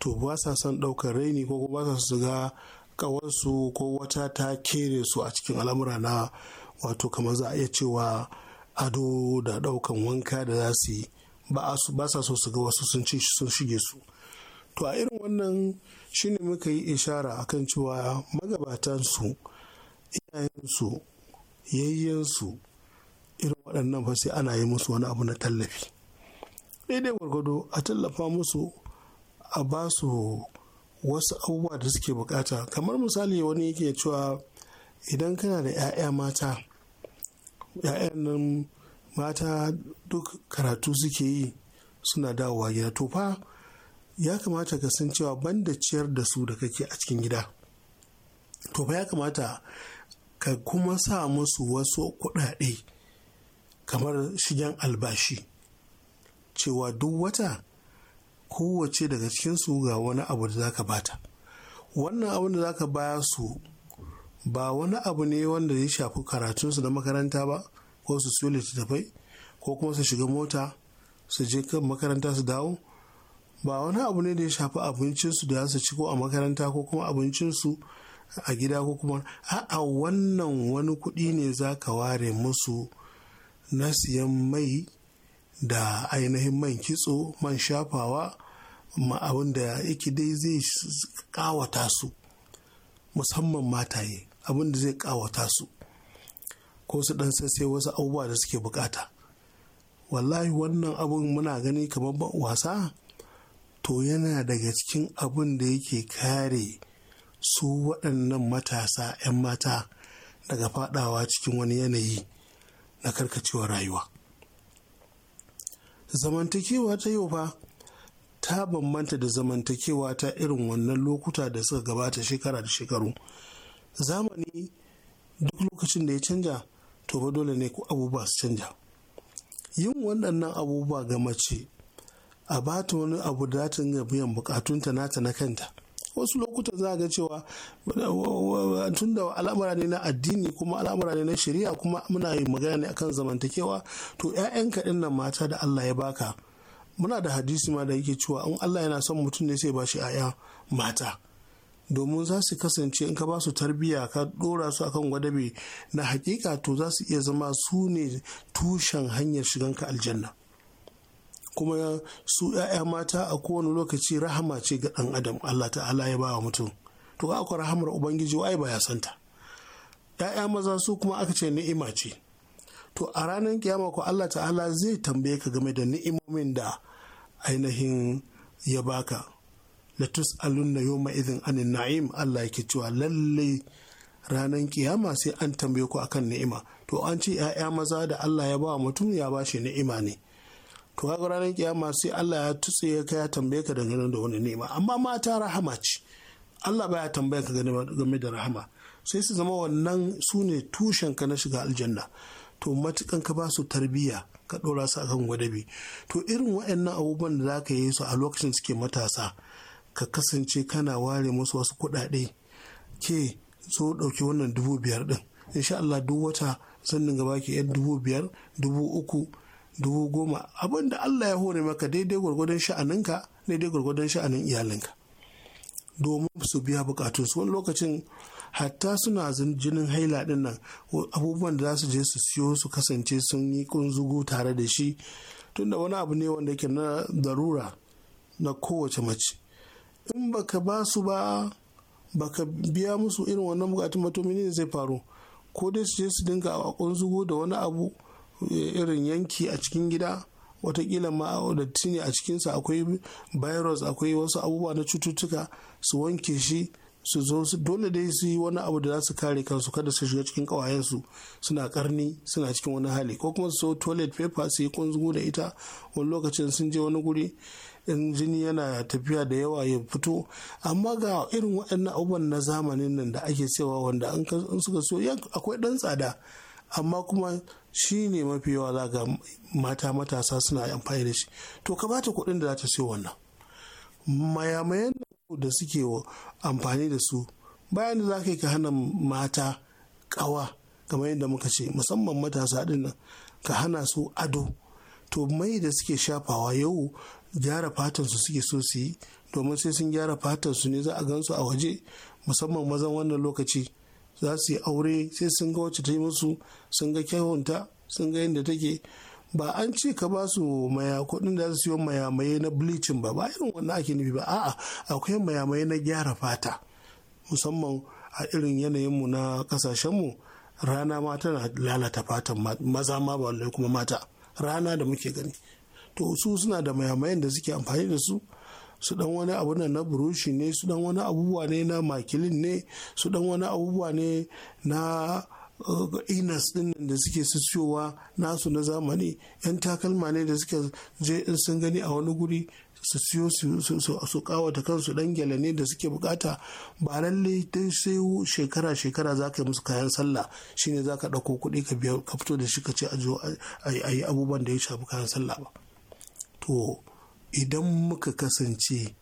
to ba sa son ɗaukar raini ko ba sa su ga kawansu ko wata ta kere su a cikin al'amura na wato kamar za a iya cewa ado da daukan wanka da za su yi ba sa so su ga wasu sun ci sun shige su to a irin wannan shine muka yi ishara akan cewa magabatan su iyayensu yayyensu irin waɗannan fa sai ana yi musu wani abu na tallafi dai gwargwado a tallafa musu a ba su wasu abubuwa da suke bukata kamar misali wani yake cewa idan kana da 'ya'ya mata 'ya'yan mata duk karatu suke yi suna dawowa gida to fa ya kamata ka san cewa banda ciyar da su da kake a cikin gida to fa ya kamata ka kuma sa musu wasu kuɗaɗe kamar shigen albashi cewa duk wata kowace daga cikinsu ga wani abu da zaka bata wannan abu da zaka baya su ba wani abu ne wanda ya shafi karatunsu na makaranta ba ko su su littattafai ko kuma su shiga mota su je kan makaranta su dawo ba wani abu ne da ya shafi abincinsu da su ci ko a makaranta ko kuma abincinsu a gida ko kuma a'a wannan wani kuɗi ne za ka ware musu na siyan mai da ainihin man kitso man shafawa abin da yake dai zai kawata su musamman mataye abin da zai kawata su ko su dan sai wasu abubuwa da suke bukata wallahi wannan abin muna gani kamar wasa to yana daga cikin abin da yake kare su waɗannan matasa 'yan mata daga fadawa cikin wani yanayi na karkacewar rayuwa zamantakewa ta yau fa ta bambanta da zamantakewa ta irin wannan lokuta da suka gabata shekara da shekaru zamani duk lokacin da ya canja to ba dole ne ku abubuwa su canja yin waɗannan abubuwa ga mace a bata wani abu da ta biyan bukatunta nata na kanta wasu lokutan za ga cewa tun da al'amura ne na addini kuma al'amura ne na shari'a kuma muna yi magana ne akan zamantakewa to 'ya'yan kaɗin nan mata da allah ya baka muna da hadisi ma da yake cewa in Allah yana son mutum ne sai ba shi 'ya'ya mata domin za su kasance in ka ba su tarbiyya ka dora su akan gwadabe na hakika to za su iya zama su ne tushen hanyar shigan ka aljanna kuma su 'ya'ya mata a kowane lokaci rahama ce ga ɗan adam Allah ta'ala ya ba wa mutum to akwai rahamar ubangiji wai ba ya santa 'ya'ya maza su kuma aka ce ni'ima ce to a ranar kiyama ko Allah ta'ala zai tambaye ka game da ni'imomin da ainihin ya baka latus alunna izin idhin anin na'im Allah yake cewa lalle ranar kiyama sai an tambaye ku akan ni'ima to an ce ya'ya maza da Allah ya ba mutum ya ba shi ni'ima ne to kaga ranar kiyama sai Allah ya tutse ka ya tambaye ka dangane da wani ni'ima amma mata rahama ce Allah baya tambaye ka game da rahama sai su zama wannan su ne tushen ka na shiga aljanna to matukan ka ba su tarbiya ka ɗora su akan gwadabi to irin waɗannan abubuwan da za ka yi su a lokacin suke matasa ka kasance kana ware musu wasu kuɗaɗe ke so ɗauki wannan dubu biyar ɗin insha Allah duk wata zan gaba ke yan dubu biyar dubu uku dubu goma abin Allah ya hore maka daidai gwargwadon sha'aninka daidai gwargwadon sha'anin iyalinka domin su biya bukatunsu wani lokacin hatta suna jinin haila din nan abubuwan da za su je su siyo su kasance sun yi kunzugu tare da shi tunda wani abu ne wanda ke na darura na kowace mace in ka ba su ba baka biya musu irin wannan bukatun ne zai faru ko dai su je su dinga a kunzugu da wani abu e, irin yanki a cikin gida watakila ma da tini a cikinsa akwai virus akwai wasu abubuwa na cututtuka su wanke shi su zo dole dai su yi wani abu da za su kare kansu kada su shiga cikin kawayensu suna karni suna cikin wani hali ko kuma su toilet paper su yi kunzugu da ita wani lokacin sun je wani guri in jini yana tafiya da yawa ya fito amma ga irin waɗannan abubuwan na zamanin nan da ake cewa wanda an suka so akwai ɗan tsada amma kuma shi ne mafi yawa za ga mata matasa suna amfani da shi to ka bata kuɗin da za ta siyo wannan mayamayan da suke amfani da su bayan da za ka yi ka hana mata kawa kamar yadda muka ce musamman matasa din ka hana su ado to mai da suke shafawa yau gyara fatan su suke so su yi domin sai sun gyara fatan su ne za a gansu a waje musamman mazan wannan lokaci za su yi aure sai sun ga wacce ta yi musu sun ga kyawunta sun ga yadda take ba an ce ka ba su maya kuɗin da su siyo mayamaye na bleaching ba ba irin wannan ake nufi ba a'a akwai mayamaye na gyara fata musamman a irin yanayin mu na kasashenmu rana ma tana lalata fatan maza ma ba lallai kuma mata rana da muke gani to su suna da mayamayan da suke amfani da su su dan wani abu na burushi ne su dan wani abubuwa ne na makilin ne su dan wani abubuwa ne na inas din da suke siyowa nasu na zamani yan takalma ne da suke je in sun gani a wani guri su siyo su kawata kansu dan gyale ne da suke bukata ba lallai dai sai shekara shekara za ka yi musu kayan sallah shine za ka ɗauko kuɗi ka biya ka fito da shi ka ce a yi abubuwan da ya shafi kayan sallah ba to idan muka kasance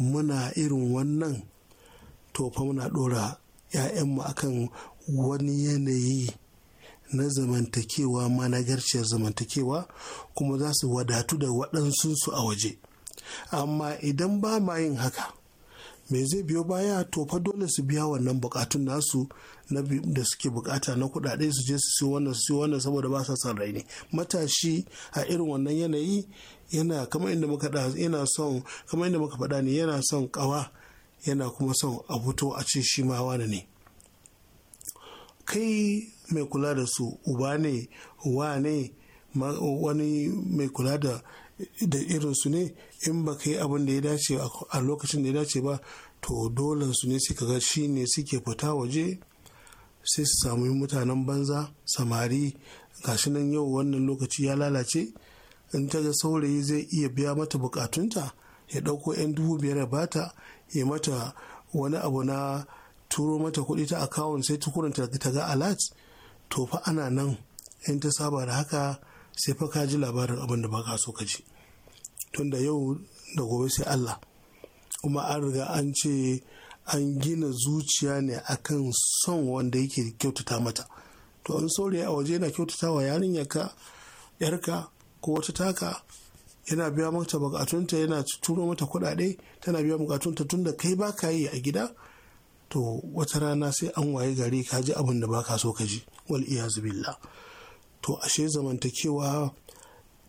muna irin wannan to fa muna ɗora ‘ya'yanmu akan wani yanayi na zamantakewa managarciyar zamantakewa kuma za su wadatu da su a waje amma idan ba ma yin haka me zai biyo baya to fa dole su biya wannan bukatun nasu na da suke bukata na kudade su je su siyo wannan su wannan saboda ba sa son rai ne matashi a irin wannan yanayi yana kamar inda muka da yana son kamar inda muka faɗa ne yana son kawa yana kuma son a fito a ce shi ma wani ne kai mai kula da su uba ne wa ne wani mai kula da da irinsu ne in ba ka yi abin da ya dace a lokacin da ya dace ba to dole su ne suka ga shi ne suke fita waje sai su samu mutanen banza samari gashi nan yau wannan lokaci ya lalace in ta ga saurayi zai iya biya mata bukatunta ya ɗauko 'yan dubu biyar ya bata ya mata wani abu na turo mata kuɗi ta akawun sai tukunan ta ga alat to fa ana nan in ta saba da haka sai fa ka ji labarin abin da baka so ka ji tunda yau da gobe sai Allah kuma an riga an ce an gina zuciya ne akan son wanda yake kyautata mata to an saurayi a waje yana kyautata wa yarinya ka yarka ko wata taka yana biya mata bukatunta yana turo mata kuɗaɗe tana biya bukatunta tunda kai ba ka yi a gida to wata rana sai an waye gari ka ji abin da baka so ka ji wal iya billah to ashe zamantakewa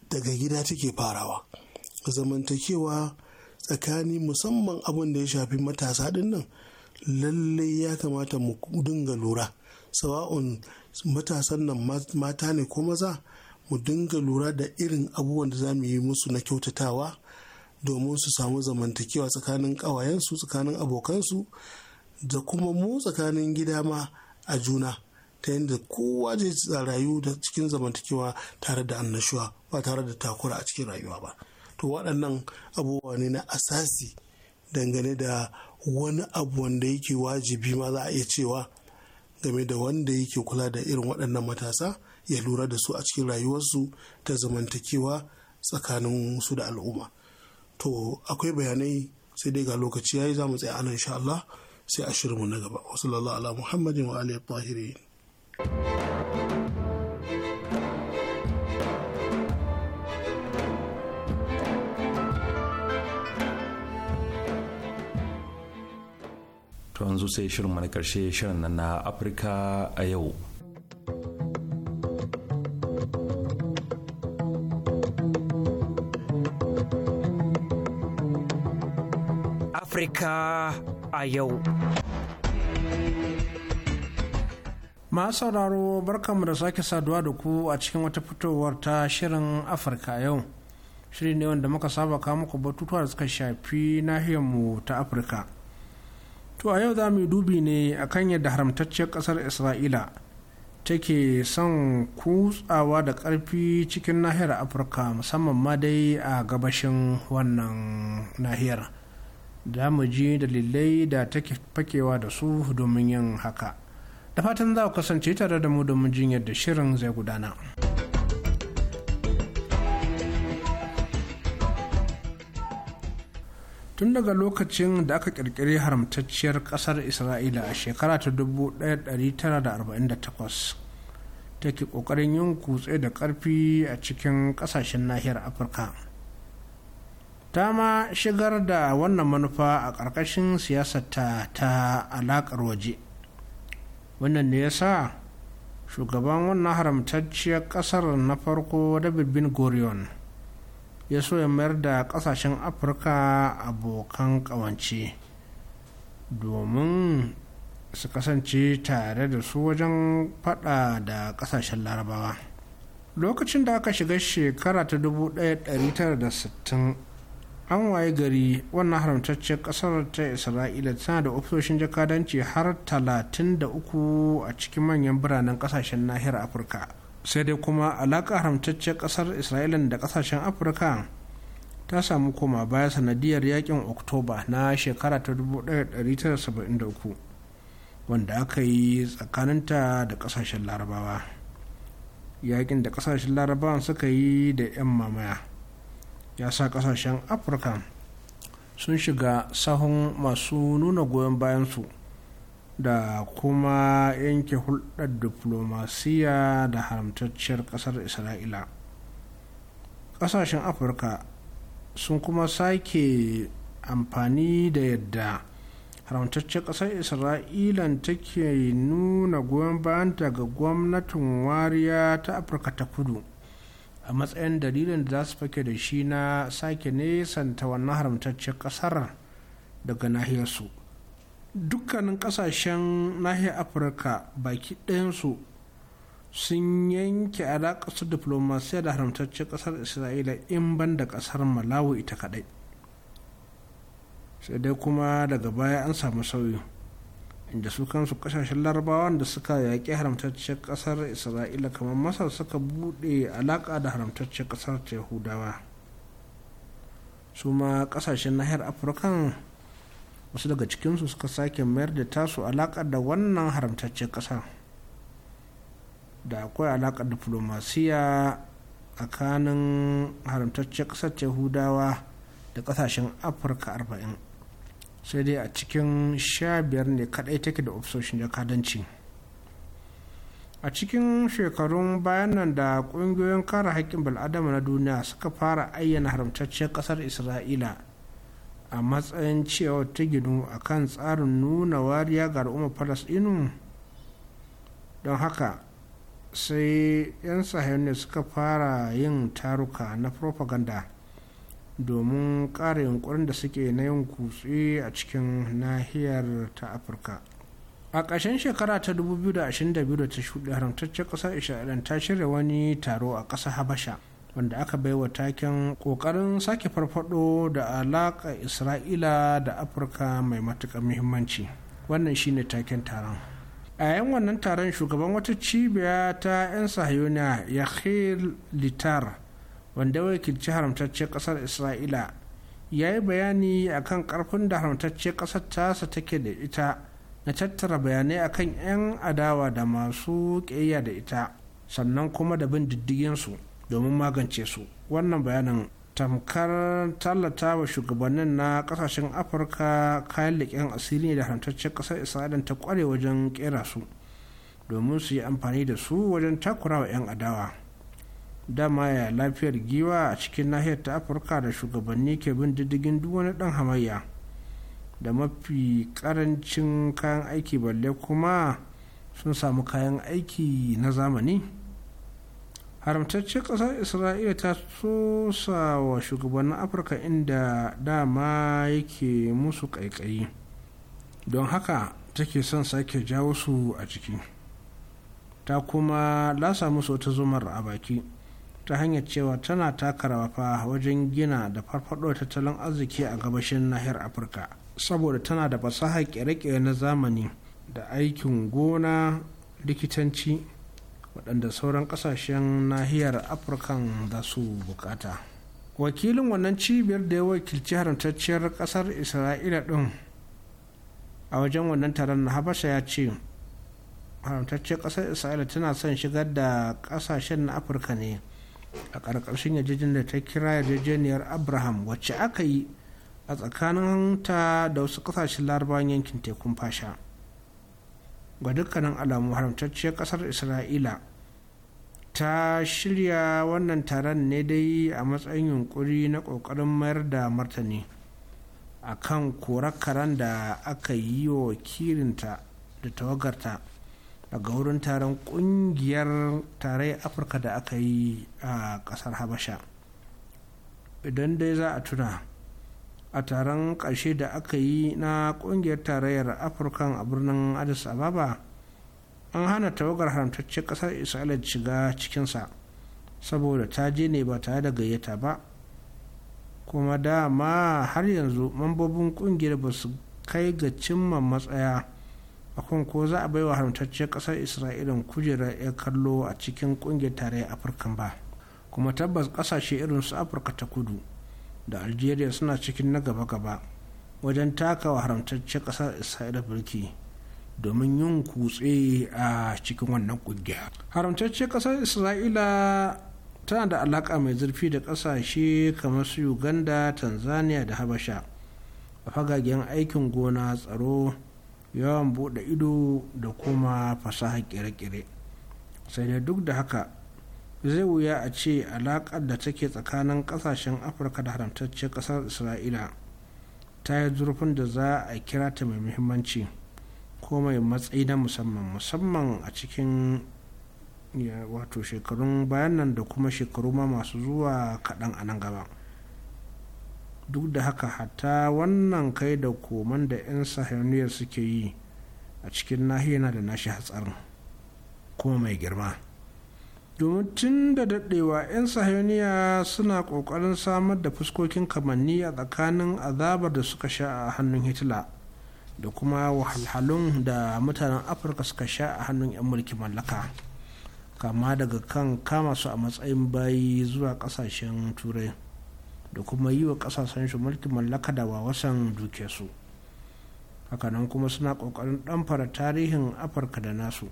daga gida take farawa zamantakewa tsakani musamman abin da ya shafi matasa din nan lallai ya kamata mu dinga lura sawa'un matasan nan mata ne ko maza mu dinga lura da irin abubuwan da za mu yi musu na kyautatawa domin su samu zamantakewa tsakanin ƙawayensu tsakanin abokansu da kuma mu tsakanin gida ma a juna ta yadda kowa zai rayu da cikin zamantakewa tare da annashuwa ba tare da takura a cikin rayuwa ba to waɗannan abubuwa ne na asasi dangane da wani abu wanda yake wajibi ma za a iya cewa game da wanda yake kula da irin waɗannan matasa ya lura da su a cikin rayuwarsu ta zamantakewa tsakanin su da al'umma to akwai bayanai sai dai ga lokaci ya yi za mu tsaya anan insha Allah sai a shirinmu na gaba wasu lallah ala muhammadin wa alihi tahirin to an sai shirinmu na karshe shirin na afirka a yau afrika a yau. Masu sauraro barkanmu da sake saduwa da ku a cikin wata fitowar ta shirin Afirka yau. Shiri ne wanda muka saba kawo muku batutuwa da suka shafi nahiyarmu ta Afirka. To a yau za mu dubi ne a akan yadda haramtacciyar ƙasar Isra'ila take son kutsawa da ƙarfi cikin nahiyar Afirka musamman ma dai a gabashin wannan nahiyar. za mu ji dalilai da take fakewa da su domin yin haka da fatan za ku kasance tare da mu domin jin yadda shirin zai gudana tun daga lokacin da aka kirkiri haramtacciyar kasar isra'ila a shekara ta 1948 take kokarin yin kutse da karfi a cikin kasashen nahiyar afirka ta ma shigar da wannan manufa a ƙarƙashin siyasarta ta alaƙar waje wannan ne ya sa shugaban wannan haramtacciyar ƙasar na farko david bin gurion ya so ya mayar da ƙasashen afirka abokan ƙawance domin su kasance tare da su wajen fada da ƙasashen larabawa lokacin da aka shiga shekara ta 1960 an waye gari wannan haramtaccen kasar ta isra'ila tana da ofisoshin jakadanci har 33 a cikin manyan biranen kasashen nahiyar afirka sai dai kuma alaƙa haramtaccen kasar isra'ila da kasashen afirka ta samu koma baya sanadiyar yakin oktoba na shekara ta 1973 wanda aka yi tsakaninta da kasashen larabawa yakin da kasashen larabawan suka yi da 'yan mamaya ya sa kasashen afirka sun shiga sahun masu nuna goyon bayansu da kuma yanke hulɗar diplomasiya da haramtacciyar ƙasar isra'ila ƙasashen afirka sun kuma sake amfani da yadda haramtacciyar ƙasar isra'ila take nuna goyon bayan daga gwamnatin wariya ta afirka ta kudu a matsayin dalilin da za su fake da shi na sake nesanta wannan haramtaccen ƙasar daga nahiyarsu dukkanin ƙasashen nahiyar afirka baki ɗayansu sun yanke alaƙa su diplomasiya da haramtaccen ƙasar isra'ila in ban da kasar malawi ita kaɗai sai dai kuma daga baya an samu sauyi inda su kansu kasashen larabawan da suka yaƙi haramtacciyar ƙasar isra'ila kamar masar suka buɗe alaƙa da haramtacciyar ƙasar ta yahudawa su ma ƙasashen nahiyar afirka wasu daga cikinsu suka sake mayar da tasu alaƙa da wannan haramtacciyar ƙasar da akwai alaƙa diflomasiya tsakanin haramtacciyar ƙasar yahudawa da ƙasashen afirka arba'in sai dai a cikin sha biyar ne kadai take da ofisoshin jakadanci a cikin shekarun bayan nan da kungiyoyin kare haƙƙin bal'adama na duniya suka fara ayyana haramtacciyar ƙasar isra'ila a matsayin cewa ta ginu a kan tsarin nuna wariya ga al'ummar falasɗinu don haka sai 'yan sahiyar ne suka fara yin taruka na propaganda domin ƙara yunkurin da suke na yin kutse a cikin nahiyar ta afirka a ƙarshen shekara ta 2022 da ta shuɗe haramtaccen ƙasar isra'ila ta shirya wani taro a ƙasar habasha wanda aka baiwa taken ƙoƙarin sake farfado da alaƙa isra'ila da afirka mai matuƙar muhimmanci wannan shine taken taron a 'yan wannan taron shugaban wata cibiya ta 'yan sahiyoniya yahil litar wanda wakilci haramtacciyar ƙasar isra'ila ya yi bayani a kan ƙarfin da haramtacciyar ƙasar tasa take da ita na tattara bayanai a kan 'yan adawa da masu ƙeya da ita sannan kuma da bin diddiginsu domin magance su wannan bayanin tamkar tallata wa shugabannin na kasashen afirka kayan leƙen asiri da haramtacciyar ƙasar isra'ila ta ƙware wajen ƙera su domin su yi amfani da su wajen takurawa 'yan adawa dama ya lafiyar giwa a cikin nahiyar ta afirka da shugabanni ke bin diddigin duk wani dan hamayya da mafi karancin kayan aiki balle kuma sun samu kayan aiki na zamani haramtaccen ƙasar isra'ila ta sosa wa shugabannin afirka inda dama yake musu ƙaiƙayi don haka take son sake jawo su a ciki ta kuma lasa musu wata zumar a baki ta hanyar cewa tana taka rawa fa wajen gina da farfado tattalin arziki a gabashin nahiyar afirka saboda tana da fasaha kere-kere na zamani da aikin gona likitanci waɗanda sauran ƙasashen nahiyar afirkan za su bukata wakilin wannan cibiyar da ya wakilci haramtacciyar ƙasar isra'ila ɗin a wajen wannan taron na habasha ya ce haramtacciyar ƙasar isra'ila tana son shigar da ƙasashen na afirka ne a ƙarƙashin yarjejeniyar da ta kira yarjejeniyar abraham wacce aka yi a tsakanin ta da wasu ƙasashen larabawan yankin tekun fasha ga dukkanin alamu haramtacciyar ƙasar isra'ila ta shirya wannan taron ne dai a matsayin yunkuri na ƙoƙarin mayar da martani a kan korakaran da aka yi wa wakilinta da tawagarta daga wurin taron kungiyar tarayyar afirka da aka yi a kasar habasha idan dai za a tuna a taron ƙarshe da aka yi na kungiyar tarayyar Afirka a birnin addis ababa an hana tawagar haramtacce kasar isra'ila shiga cikinsa saboda ta je ne ba tare da gayyata ba kuma dama har yanzu mambobin kungiyar ba su kai ga cimma matsaya akan ko za a baiwa haramtacciyar ƙasar isra'ila kujerar ya kallo a cikin kungiyar tarayyar afirka ba kuma tabbas ƙasashe irin su afirka ta kudu da algeria suna cikin na gaba-gaba wajen taka takawa haramtacciyar ƙasar isra'ila birki domin yin kutse a cikin wannan ƙungiya haramtacciyar ƙasar isra'ila tana da alaƙa mai zurfi da ƙasashe kamar su uganda tanzania da habasha a fagagen aikin gona tsaro yawan buɗe ido da kuma fasaha kere-kere sai da duk da haka zai wuya a ce alaƙar da take tsakanin ƙasashen afirka da haramtaccen ƙasar isra'ila ta yi zurfin da za a kira ta mai muhimmanci ko mai matsayi na musamman musamman a cikin wato shekarun bayan nan da kuma shekaru ma masu zuwa kaɗan a nan gaba. duk da haka hatta wannan kai da koman da 'yan sahaniyar suke yi a cikin nahiyana da nashi hatsarin kuma mai girma domin tun da daɗewa 'yan sahiyoniya suna ƙoƙarin samar da fuskokin kamanni a tsakanin azabar da suka sha a hannun hitila da kuma wahalhalun da mutanen afirka suka sha a hannun 'yan mulki mallaka kama daga kan kama su a matsayin bayi zuwa ƙasashen turai da kuma yi wa kasashen shi mulkin mallaka da ba wasan duke su hakanan kuma suna kokarin fara tarihin afirka da nasu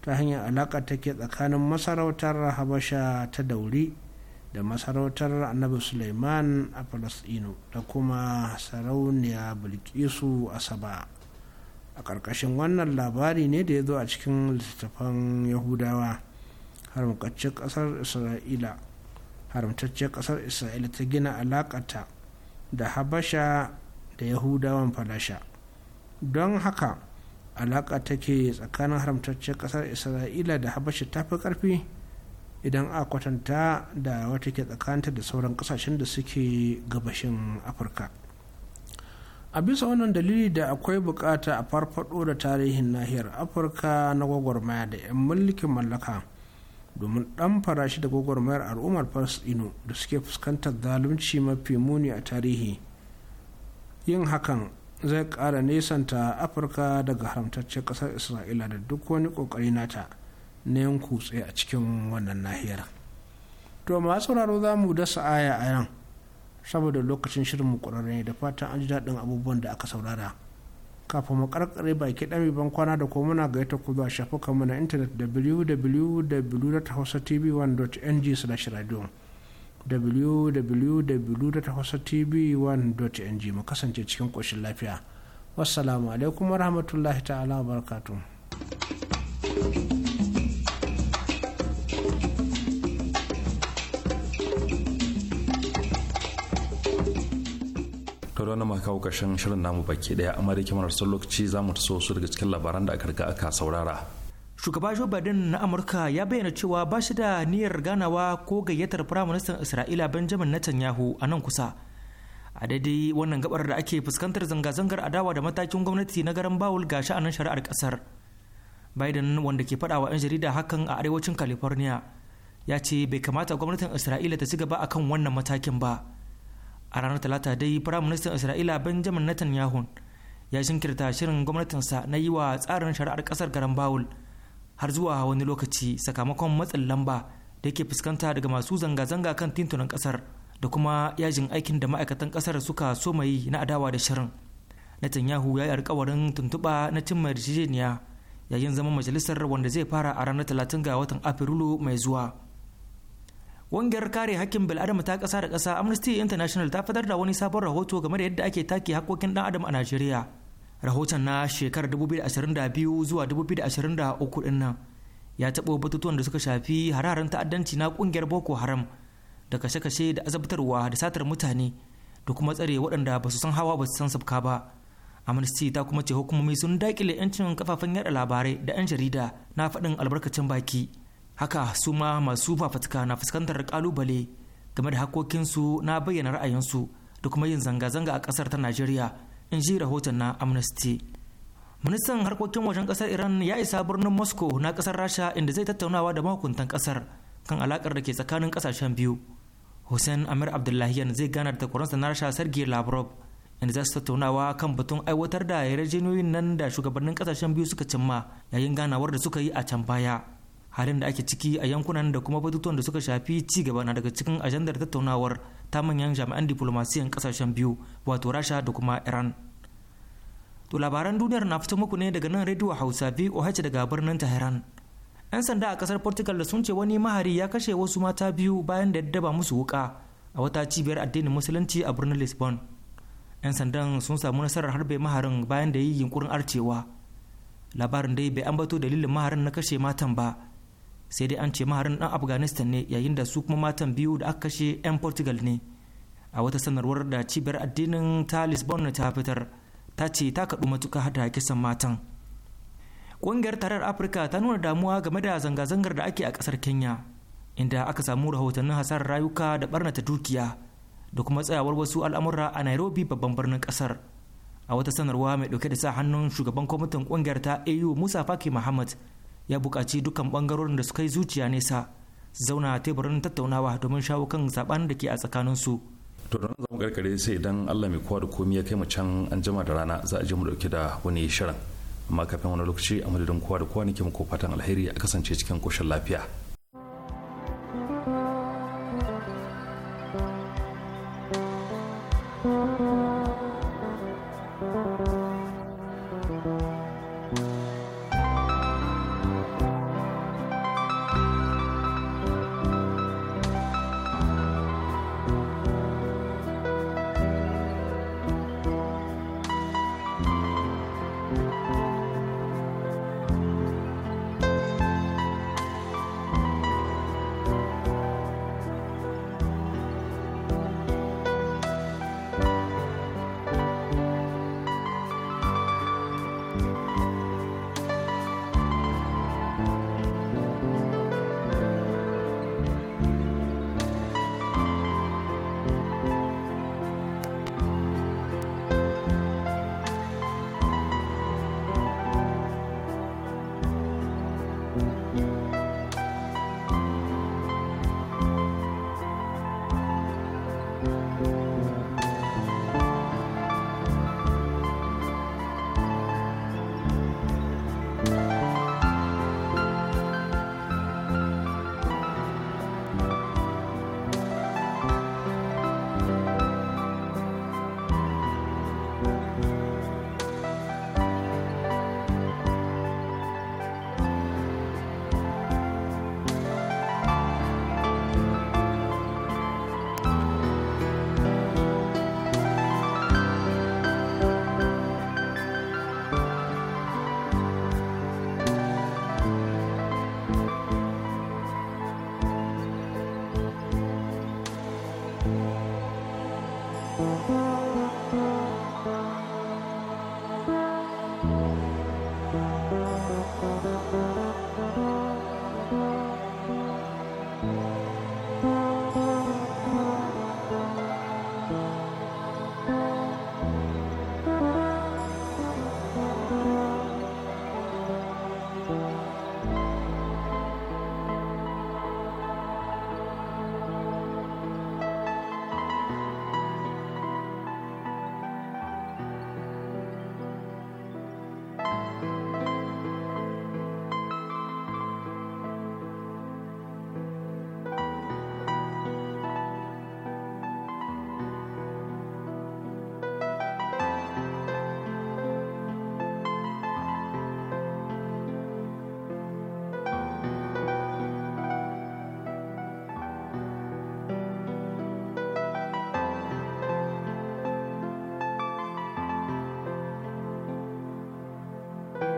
ta hanyar alaƙa take tsakanin masarautar habasha ta dauri da masarautar annabi suleiman a falasɗinu da kuma sarauniya bilkisu a saba a ƙarƙashin wannan labari ne da ya zo a cikin littattafan yahudawa har ƙasar isra'ila haramtacciyar ƙasar isra'ila ta gina alaƙata da habasha da yahudawan falasha don haka alaƙa take tsakanin haramtacciyar ƙasar isra'ila da habasha ta fi ƙarfi idan a kwatanta da wata ke tsakanta da sauran ƙasashen da suke gabashin afirka a bisa wannan dalili da akwai bukata a farfado da tarihin nahiyar afirka na gwagwarmaya da 'yan mulkin mallaka domin ɗan farashi da gwagwarmayar al'ummar falasɗinu da suke fuskantar zalunci mafi muni a tarihi yin hakan zai ƙara nesanta afirka daga haramtaccen ƙasar isra'ila da duk wani ƙoƙari nata na yin kutse a cikin wannan nahiyar to masu sauraro za mu dasa aya a nan saboda lokacin shirin mu da fatan an ji daɗin abubuwan da aka saurara kafin mu karkare baki ɗami ban kwana da ko muna gaita ku zuwa mu na intanet www.hausatv1.ng radio www.hausatv1.ng mu kasance cikin koshin lafiya wassalamu alaikum warahmatullahi ta'ala wa barakatuh to da wannan kawo ƙarshen shirin namu baki daya amma da sun lokaci za mu taso su daga cikin labaran da aka riga aka saurara shugaba joe biden na amurka ya bayyana cewa ba shi da niyyar ganawa ko gayyatar firaministan isra'ila benjamin netanyahu a nan kusa a daidai wannan gabar da ake fuskantar zanga-zangar adawa da matakin gwamnati na garin bawul ga sha'anin shari'ar kasar biden wanda ke faɗawa wa 'yan jarida hakan a arewacin california ya ce bai kamata gwamnatin isra'ila ta ci gaba akan wannan matakin ba a ranar talata dai firaministan isra'ila benjamin netanyahu ya shinkirta shirin gwamnatinsa na yi wa tsarin shari'ar kasar garan bawul har zuwa wani lokaci sakamakon matsin lamba da yake fuskanta daga masu zanga-zanga kan tintunan kasar da kuma yajin aikin da ma'aikatan kasar suka so mai na adawa da shirin netanyahu ya yi alkawarin tuntuɓa na cimma yarjejeniya yayin zama majalisar wanda zai fara a ranar talatin ga watan afrilu mai zuwa Wangiyar kare hakkin bil'adama ta ƙasa da ƙasa Amnesty International ta fitar da wani sabon rahoto game da yadda ake take hakkokin ɗan adam a Najeriya. Rahoton na shekarar 2022 zuwa 2023 ɗin nan ya taɓo batutuwan da suka shafi hararen ta'addanci na ƙungiyar Boko Haram da kashe-kashe da azabtarwa da satar mutane da kuma tsare waɗanda ba su san hawa ba su san sabka ba. Amnesty ta kuma ce hukumomi sun daƙile 'yancin kafafen yaɗa labarai da 'yan jarida na faɗin albarkacin baki. haka su ma masu fafatka na fuskantar kalubale game da hakokinsu na bayyana ra'ayinsu da kuma yin zanga-zanga a kasar ta najeriya in ji rahoton na amnesty ministan harkokin wajen kasar iran ya isa birnin moscow na kasar rasha inda zai tattaunawa da mahukuntan kasar kan alakar da ke tsakanin kasashen biyu hussein amir abdullahiyan zai gana da takwaransa na rasha sergei lavrov inda za su tattaunawa kan batun aiwatar da yarjejeniyoyin nan da shugabannin kasashen biyu suka cimma yayin ganawar da suka yi a can baya halin da ake ciki a yankunan da kuma batutuwan da suka shafi ci gaba na daga cikin ajandar tattaunawar ta manyan jami'an diplomasiyan kasashen biyu wato rasha da kuma iran to labaran duniyar na fito muku ne daga nan rediyo hausa voh daga birnin tehran 'yan sanda a kasar portugal da sun ce wani mahari ya kashe wasu mata biyu bayan da daba musu wuka a wata cibiyar addinin musulunci a birnin lisbon 'yan sandan sun samu nasarar harbe maharin bayan da yi yunkurin arcewa labarin dai bai ambato dalilin maharin na kashe matan ba sai dai an ce maharin dan afghanistan ne yayin da su kuma matan biyu da aka kashe 'yan portugal ne a wata sanarwar da cibiyar addinin ta lisbon ta fitar ta ce ta kaɗu matuka da kisan matan ƙungiyar tarar afirka ta nuna damuwa game da zanga-zangar da ake a ƙasar kenya inda aka samu rahotannin hasarar rayuka da barnata dukiya da kuma tsayawar wasu al'amura a nairobi babban birnin ƙasar a wata sanarwa mai ɗauke da sa hannun shugaban kwamitin ƙungiyar ta au musa faki muhammad ya buƙaci dukkan bangarorin da suka yi zuciya nesa zauna a teburin tattaunawa domin shawo kan zaɓen da ke a tsakaninsu. to don zamu karkare sai idan allah mai kowa da komi ya kai mu can an jima da rana za a je mu dauke da wani shirin amma kafin wani lokaci a madadin kowa da kowa nake muku fatan alheri a kasance cikin koshin lafiya.